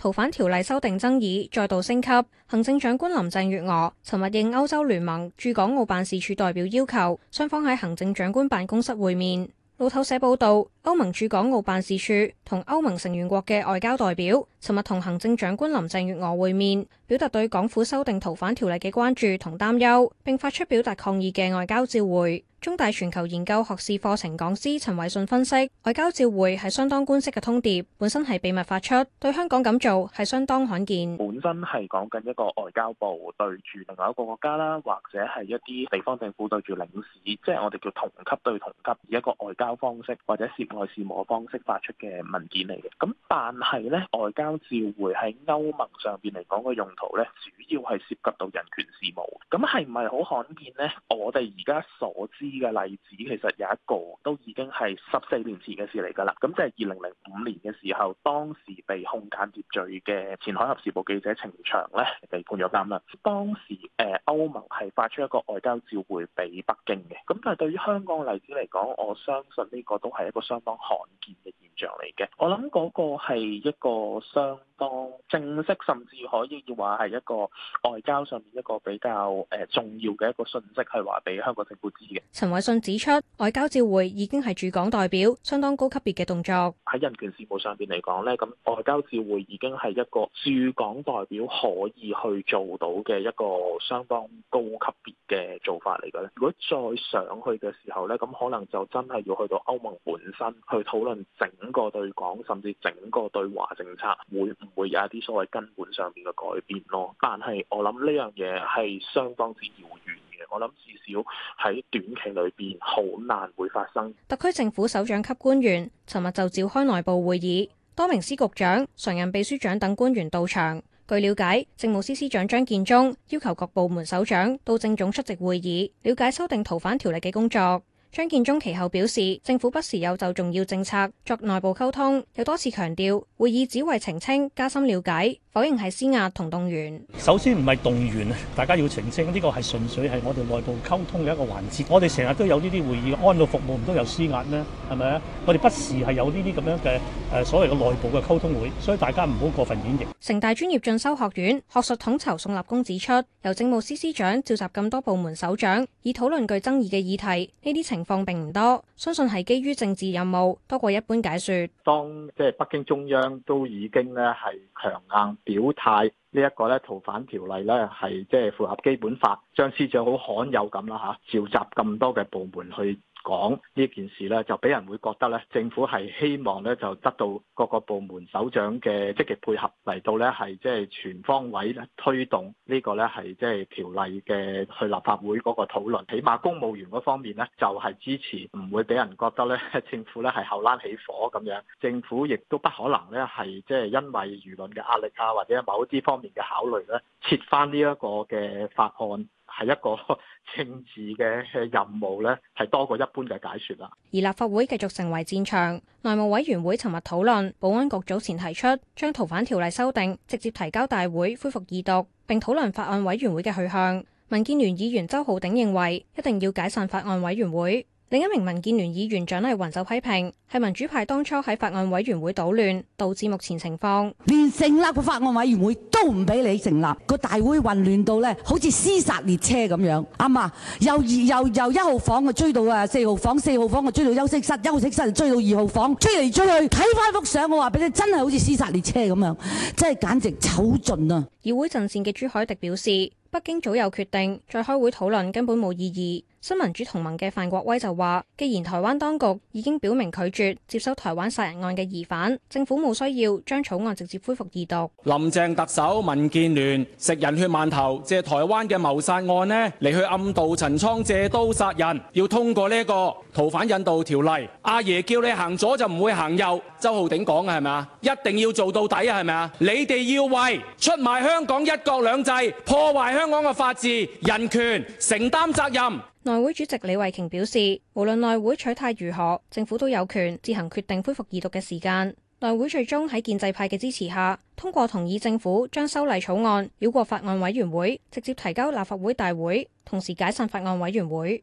逃犯條例修訂爭議再度升級，行政長官林鄭月娥尋日應歐洲聯盟駐港澳辦事處代表要求，雙方喺行政長官辦公室會面。路透社報道，歐盟駐港澳辦事處同歐盟成員國嘅外交代表尋日同行政長官林鄭月娥會面，表達對港府修訂逃犯條例嘅關注同擔憂，並發出表達抗議嘅外交照會。中大全球研究學士課程講師陳偉信分析，外交照會係相當官式嘅通牒，本身係秘密發出，對香港咁做係相當罕見。本身係講緊一個外交部對住另外一個國家啦，或者係一啲地方政府對住領事，即係我哋叫同級對同級，以一個外交方式或者涉外事務嘅方式發出嘅文件嚟嘅。咁但係咧，外交照會喺歐盟上邊嚟講個用途咧，主要係涉及到人權事務。咁係唔係好罕見咧？我哋而家所知，呢個例子其實有一個都已經係十四年前嘅事嚟㗎啦，咁即係二零零五年嘅時候，當時被控間諜罪嘅前《海峽時報》記者程翔呢，被判咗監啦。當時誒、呃、歐盟係發出一個外交照會俾北京嘅，咁但係對於香港嘅例子嚟講，我相信呢個都係一個相當罕見嘅現象。嚟嘅，我諗嗰個係一個相當正式，甚至可以話係一個外交上面一個比較誒重要嘅一個訊息，係話俾香港政府知嘅。陳偉信指出，外交照會已經係駐港代表相當高級別嘅動作。喺人權事務上邊嚟講咧，咁外交照會已經係一個駐港代表可以去做到嘅一個相當高級別嘅做法嚟嘅咧。如果再上去嘅時候咧，咁可能就真係要去到歐盟本身去討論整個對港甚至整個對華政策會唔會有一啲所謂根本上面嘅改變咯。但係我諗呢樣嘢係相當之遙。諗至少喺短期裏邊，好難會發生。特區政府首長級官員尋日就召開內部會議，多名司局長、常任秘書長等官員到場。據了解，政務司司長張建宗要求各部門首長到政總出席會議，了解修訂逃犯條例嘅工作。張建宗其後表示，政府不時有就重要政策作內部溝通，又多次強調會議只為澄清、加深了解，否認係施壓同動員。首先唔係動員，大家要澄清呢個係純粹係我哋內部溝通嘅一個環節。我哋成日都有呢啲會議，安老服務唔都有施壓咩？係咪啊？我哋不時係有呢啲咁樣嘅誒所謂嘅內部嘅溝通會，所以大家唔好過分演繹。城大專業進修學院學術統籌宋立功指出，由政務司司長召集咁多部門首長，以討論具爭議嘅議題，呢啲情。情況並唔多，相信係基於政治任務多過一般解說。當即係北京中央都已經咧係強硬表態呢一個咧逃犯條例咧係即係符合基本法，張司長好罕有咁啦吓召集咁多嘅部門去，講呢件事咧，就俾人會覺得咧，政府係希望咧就得到各個部門首長嘅積極配合嚟到咧，係即係全方位推動呢個咧係即係條例嘅去立法會嗰個討論。起碼公務員嗰方面咧就係支持，唔會俾人覺得咧政府咧係後欄起火咁樣。政府亦都不可能咧係即係因為輿論嘅壓力啊，或者某啲方面嘅考慮咧，撤翻呢一個嘅法案。係一個政治嘅任務咧，係多過一般嘅解説啦。而立法會繼續成為戰場，內務委員會尋日討論，保安局早前提出將逃犯條例修訂直接提交大會恢復二讀，並討論法案委員會嘅去向。民建聯議員周浩鼎認為，一定要解散法案委員會。另一名民建聯議員蔣麗芸就批評，係民主派當初喺法案委員會搗亂，導致目前情況連成立個法案委員會都唔俾你成立，個大會混亂到咧，好似屍殺列車咁樣。阿、啊、媽又 2, 又又一號房嘅追到啊四號房，四號房嘅追到休息室，休息室又追到二號房，追嚟追去睇返幅相，我話俾你，真係好似屍殺列車咁樣，真係簡直醜盡啊！議會陣線嘅朱凱迪表示，北京早有決定，再開會討論根本冇意義。新民主同盟嘅范國威就話：既然台灣當局已經表明拒絕接收台灣殺人案嘅疑犯，政府冇需要將草案直接恢復二讀。林鄭特首、民建聯食人血饅頭，借台灣嘅謀殺案呢嚟去暗度陳倉，借刀殺人，要通過呢個逃犯引渡條例。阿爺叫你行左就唔會行右，周浩鼎講嘅係咪啊？一定要做到底啊，係咪啊？你哋要為出賣香港一國兩制、破壞香香港嘅法治、人權、承擔責任。內會主席李慧瓊表示，無論內會取態如何，政府都有權自行決定恢復二讀嘅時間。內會最終喺建制派嘅支持下，通過同意政府將修例草案繞過法案委員會，直接提交立法會大會，同時解散法案委員會。